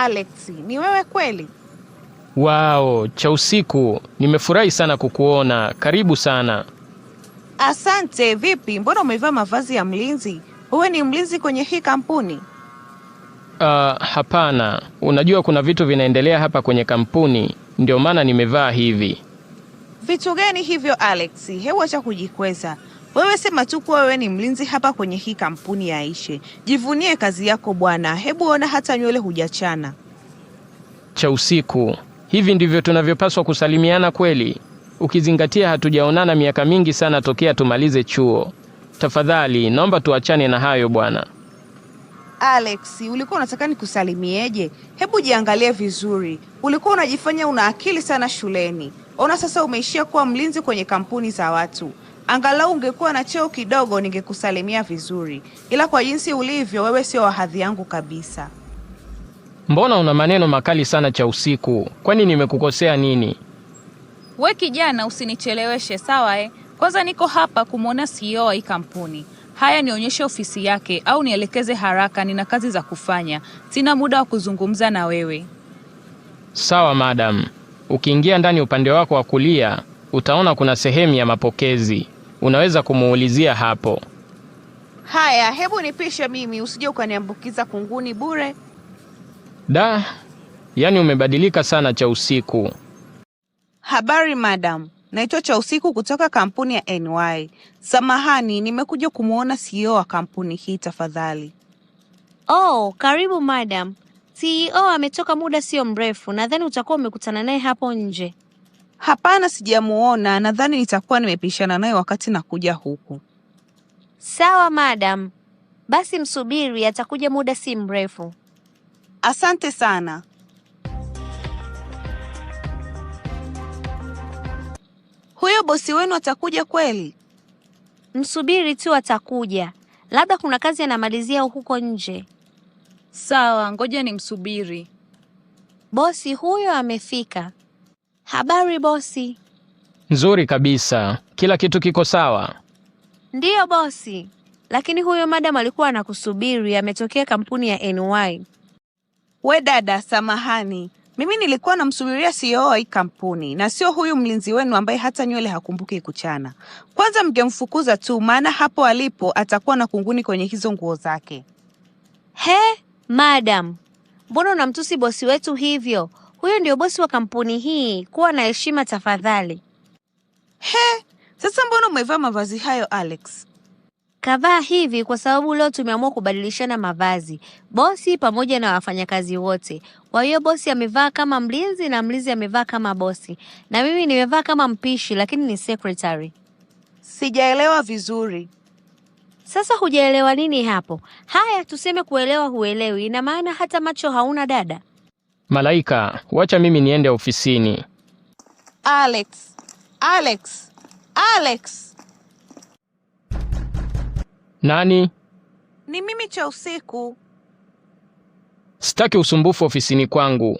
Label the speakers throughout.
Speaker 1: Alexi, ni wewe kweli?
Speaker 2: Wao, cha usiku, nimefurahi sana kukuona. Karibu sana.
Speaker 1: Asante. Vipi, mbona umevaa mavazi ya mlinzi? Wewe ni mlinzi kwenye hii kampuni?
Speaker 2: Uh, hapana. Unajua kuna vitu vinaendelea hapa kwenye kampuni, ndio maana nimevaa hivi.
Speaker 1: Vitu gani hivyo Alexi? Hebu acha kujikweza. Wewe sema tu kuwa wewe ni mlinzi hapa kwenye hii kampuni ya Aisha. Jivunie kazi yako bwana, hebu ona hata nywele hujachana.
Speaker 2: cha usiku hivi ndivyo tunavyopaswa kusalimiana kweli, ukizingatia hatujaonana miaka mingi sana tokea tumalize chuo. Tafadhali naomba tuachane na hayo bwana.
Speaker 1: Alex, ulikuwa unataka nikusalimieje? Hebu jiangalie vizuri. Ulikuwa unajifanya una akili sana shuleni, ona sasa umeishia kuwa mlinzi kwenye kampuni za watu. Angalau ungekuwa na cheo kidogo, ningekusalimia vizuri, ila kwa jinsi ulivyo wewe, sio wa hadhi yangu kabisa.
Speaker 2: Mbona una maneno makali sana cha usiku? Kwani nimekukosea nini?
Speaker 3: We kijana, usinicheleweshe sawa eh? Kwanza niko hapa kumwona CEO wa hii kampuni. Haya, nionyeshe ofisi yake au nielekeze haraka, nina kazi za kufanya, sina muda wa kuzungumza na wewe.
Speaker 2: Sawa madam, ukiingia ndani upande wako wa kulia utaona kuna sehemu ya mapokezi unaweza kumuulizia hapo.
Speaker 1: Haya, hebu nipishe mimi, usije ukaniambukiza kunguni bure.
Speaker 2: Da, yaani umebadilika sana cha usiku.
Speaker 1: Habari madam, naitwa cha usiku kutoka kampuni ya NY. Samahani, nimekuja kumwona CEO wa kampuni hii tafadhali.
Speaker 4: Oh, karibu madam. CEO ametoka muda sio mrefu, nadhani utakuwa umekutana naye hapo nje.
Speaker 1: Hapana, sijamuona. Nadhani nitakuwa nimepishana naye wakati nakuja huku.
Speaker 4: Sawa madam, basi msubiri, atakuja muda si mrefu.
Speaker 1: Asante sana. Huyo bosi wenu atakuja kweli?
Speaker 4: Msubiri tu, atakuja. Labda kuna kazi anamalizia huko nje.
Speaker 3: Sawa, ngoja nimsubiri.
Speaker 4: Bosi huyo amefika.
Speaker 1: Habari bosi.
Speaker 2: Nzuri kabisa, kila kitu kiko sawa?
Speaker 4: Ndiyo bosi, lakini huyo madam alikuwa anakusubiri, ametokea kampuni ya NY.
Speaker 1: We dada, samahani, mimi nilikuwa namsubiria CEO wa hii kampuni na sio huyu mlinzi wenu ambaye hata nywele hakumbuki kuchana. Kwanza mngemfukuza tu, maana hapo alipo atakuwa na kunguni kwenye hizo nguo zake.
Speaker 4: He madam, mbona unamtusi bosi wetu hivyo? Huyo ndio bosi wa kampuni hii, kuwa na heshima tafadhali.
Speaker 1: He, sasa mbona umevaa mavazi hayo Alex?
Speaker 4: Kavaa hivi kwa sababu leo tumeamua kubadilishana mavazi, bosi pamoja na wafanyakazi wote. Kwa hiyo bosi amevaa kama mlinzi na mlinzi amevaa kama bosi, na mimi nimevaa kama mpishi, lakini ni secretary.
Speaker 1: Sijaelewa vizuri.
Speaker 4: Sasa hujaelewa nini hapo? Haya, tuseme kuelewa huelewi, ina maana hata macho hauna dada?
Speaker 2: Malaika, wacha mimi niende ofisini.
Speaker 1: Alex, Alex, Alex. Nani? Ni mimi cha usiku.
Speaker 2: Sitaki usumbufu ofisini kwangu.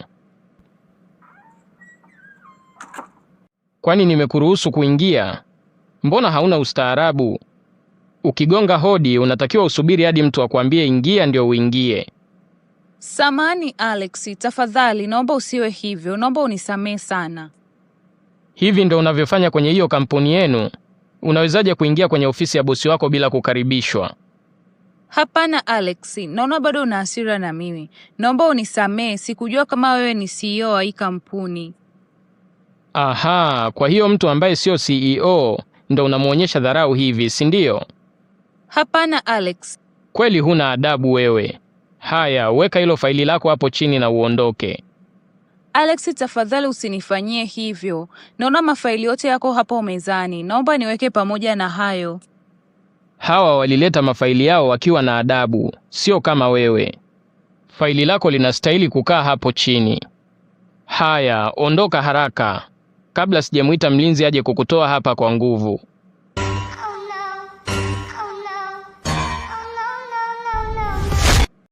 Speaker 2: Kwani nimekuruhusu kuingia? Mbona hauna ustaarabu? Ukigonga hodi unatakiwa usubiri hadi mtu akwambie ingia ndio uingie.
Speaker 3: Samani Alex, tafadhali naomba usiwe hivyo, naomba unisamehe sana.
Speaker 2: Hivi ndo unavyofanya kwenye hiyo kampuni yenu? Unawezaje kuingia kwenye ofisi ya bosi wako bila kukaribishwa?
Speaker 3: Hapana Alex, naona bado una hasira na mimi. Naomba unisamehe, sikujua kama wewe ni CEO wa hii kampuni.
Speaker 2: Aha, kwa hiyo mtu ambaye sio CEO ndo unamwonyesha dharau hivi, si ndio?
Speaker 3: Hapana Alex,
Speaker 2: kweli huna adabu wewe. Haya, weka hilo faili lako hapo chini na uondoke.
Speaker 3: Alex, tafadhali usinifanyie hivyo. Naona mafaili yote yako hapo mezani, naomba niweke pamoja na hayo.
Speaker 2: Hawa walileta mafaili yao wakiwa na adabu, sio kama wewe. Faili lako linastahili kukaa hapo chini. Haya, ondoka haraka kabla sijamwita mlinzi aje kukutoa hapa kwa nguvu.